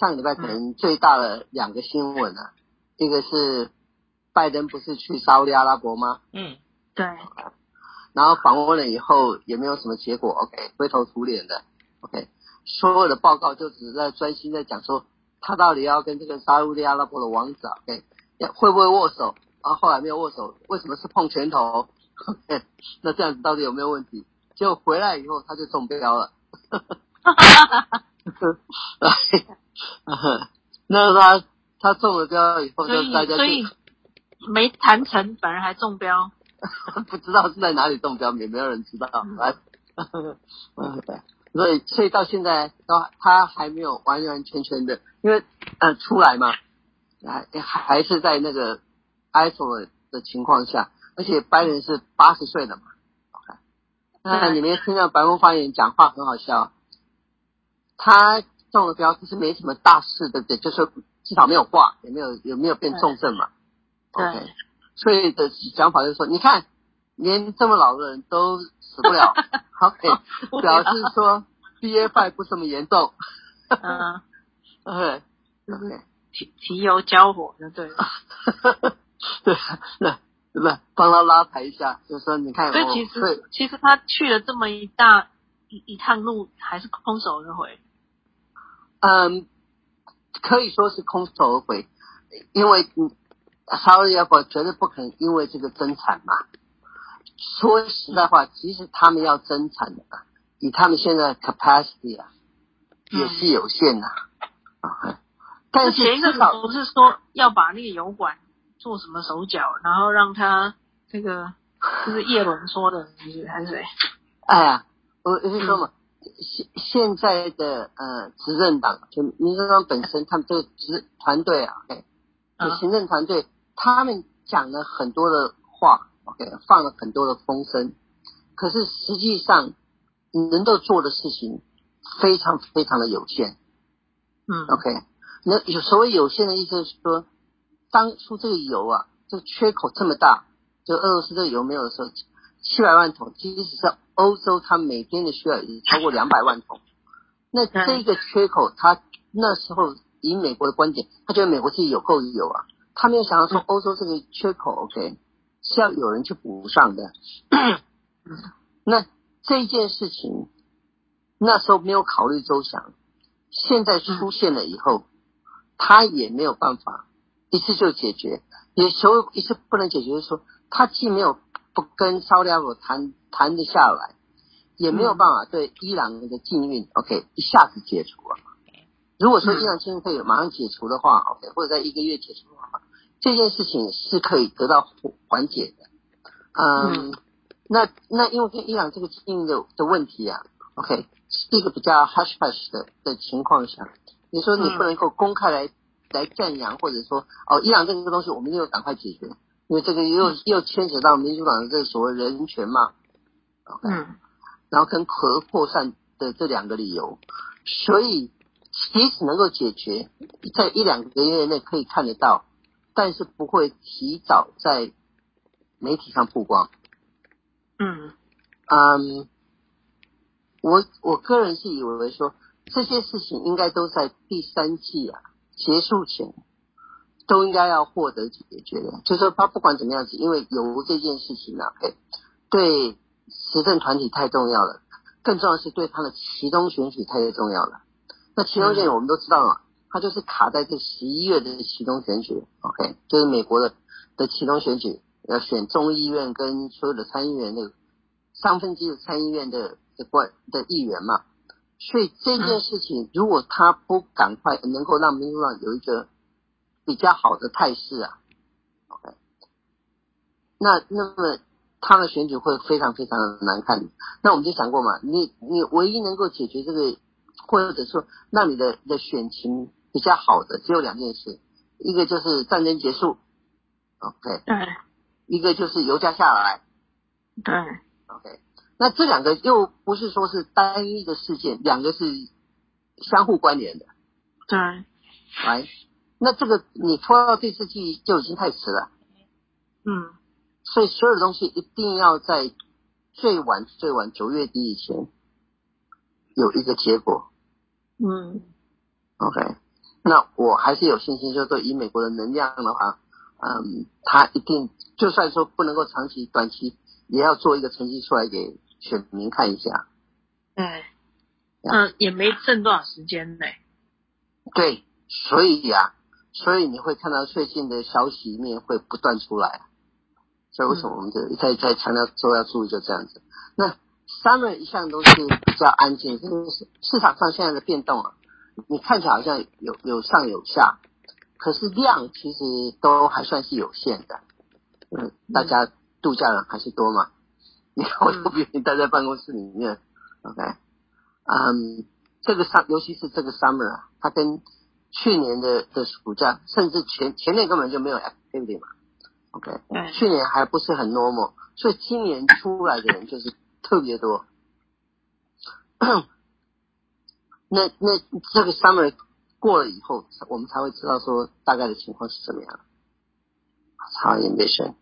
上禮拜可能最大的兩個新聞呢、啊，嗯、一個是拜登不是去沙烏地阿拉伯嗎？嗯，對。然後訪問了以後也沒有什麼結果，OK，灰頭土臉的，OK。所有的報告就只是在專心在講說他到底要跟這個沙烏地阿拉伯的王子，OK，會不會握手？然後後來沒有握手，為什麼是碰拳頭？OK，那這樣子到底有沒有問題？結果回來以後他就中標了。呵呵 呵呵， 那他他中了標以後，所以就大家就所以沒談成，反而還中標， 不知道是在哪裡中標，也沒有人知道。來， 所以所以到現在都他還沒有完完全全的，因為呃出來嘛，還還是在那個 iPhone 的情況下，而且白人是八十歲的嘛。OK 那你們聽到白宮發言講話很好笑。他中了標，其實沒什麼大事，對不對？就是至少沒有掛，也沒有有沒有變重症嘛。對，okay. 所以的想法就是說：你看，連這麼老的人都死不了。 OK，表示說 BA.5 不這麼嚴重。嗯、 啊。OK 提。提提油交火就對了。對對 對，幫他拉抬一下，就說你看，所以其實對其實他去了這麼一大一一趟路，還是空手而回。嗯，um, 可以說是空手而回，因為，沙特阿拉伯絕對不可能因為這個增產嘛。說實在話，其實他們要增產的，以他們現在 capacity 啊，也是有限的啊。嗯 okay，但前一個不是說要把那個油管做什麼手腳，然後讓他這個就是葉倫說的，還、嗯、是？哎呀、嗯，我是說嘛。現現在的呃執政黨就民主黨本身，他們這個執團隊啊，uh huh. 就行政團隊，他們講了很多的話，OK，放了很多的風聲，可是實際上你能夠做的事情非常非常的有限，嗯、uh huh.，OK，那有所謂有限的意思是說，當初這個油啊，這個缺口這麼大，就俄羅斯這個油沒有的時候，七百萬桶，即使是。歐洲它，每天的需要已經超過兩百萬桶，那這個缺口，它那時候以美國的觀點，他覺得美國自己有夠有啊，他沒有想到說歐洲這個缺口、嗯、，OK 是要有人去補上的。嗯、那這件事情那時候沒有考慮周詳，現在出現了以後，他、嗯、也沒有辦法一次就解決，也時候一次不能解決，的時候，他既沒有不跟 Saudi Arabia 談。談得下來，也沒有辦法對伊朗的禁運、嗯、，OK，一下子解除了。如果說伊朗禁運可以馬上解除的話、嗯、，OK，或者在一個月解除的話，這件事情是可以得到緩解的。嗯，嗯那那因為跟伊朗這個禁運的的問題啊，OK，是一個比較 hush hush 的的情況下，你說你不能夠公開來、嗯、來讚揚，或者說哦，伊朗這個東西我們就趕快解決，因為這個又、嗯、又牽扯到民主黨的這個所謂人權嘛。嗯，然後跟核擴散的這兩個理由，所以即使能夠解決，在一兩個月內可以看得到，但是不會提早在媒體上曝光。嗯，嗯、um,，我我個人是以為說，這些事情應該都在第三季啊結束前，都應該要獲得解決的，就是說他不管怎麼樣子，因為油這件事情啊，哎，對。時政團體太重要了，更重要的是對他的期中選舉太重要了。那期中選舉我們都知道啊，嗯、他就是卡在這十一月的期中選舉，OK，就是美國的的期中選舉，要選眾議院跟所有的參議員、那個，上級的三分之一的參議院的的官的議員嘛。所以這件事情，嗯、如果他不趕快能夠讓民主黨有一個比較好的態勢啊，OK，那那麼。他的選舉會非常非常的難看，那我們就想過嘛，你你唯一能夠解決這個，或者說那你的的選情比較好的只有兩件事，一個就是戰爭結束，OK，對，一個就是油價下來，對，OK，那這兩個又不是說是單一的事件，兩個是相互關聯的，對，來，那這個你拖到第四季就已經太遲了，嗯。所以所有的東西一定要在最晚最晚九月底以前有一個結果。嗯，OK，那我還是有信心，就是說以美國的能量的話，嗯，他一定就算說不能夠長期，短期也要做一個成績出來給選民看一下。對、嗯，這樣。嗯，也沒剩多少時間唄。對，所以呀、啊，所以你會看到最近的消息面會不斷出來。所以為什麼我們這再再強調說要注意就這樣子？那 summer 一向都是比較安靜，因為市場上現在的變動啊，你看起來好像有有上有下，可是量其實都還算是有限的。嗯，大家度假人還是多嘛，嗯、你都不願意待在辦公室裡面，OK？嗯、um,，這個上，尤其是這個 summer 啊，它跟去年的的暑假，甚至前前年根本就沒有 activity 嘛。OK，mm hmm. 去年還不是很 normal，所以今年出來的人就是特別多。 那那這個 summer 過了以後，我們才會知道說大概的情況是怎麼樣。好，也沒事。Hmm.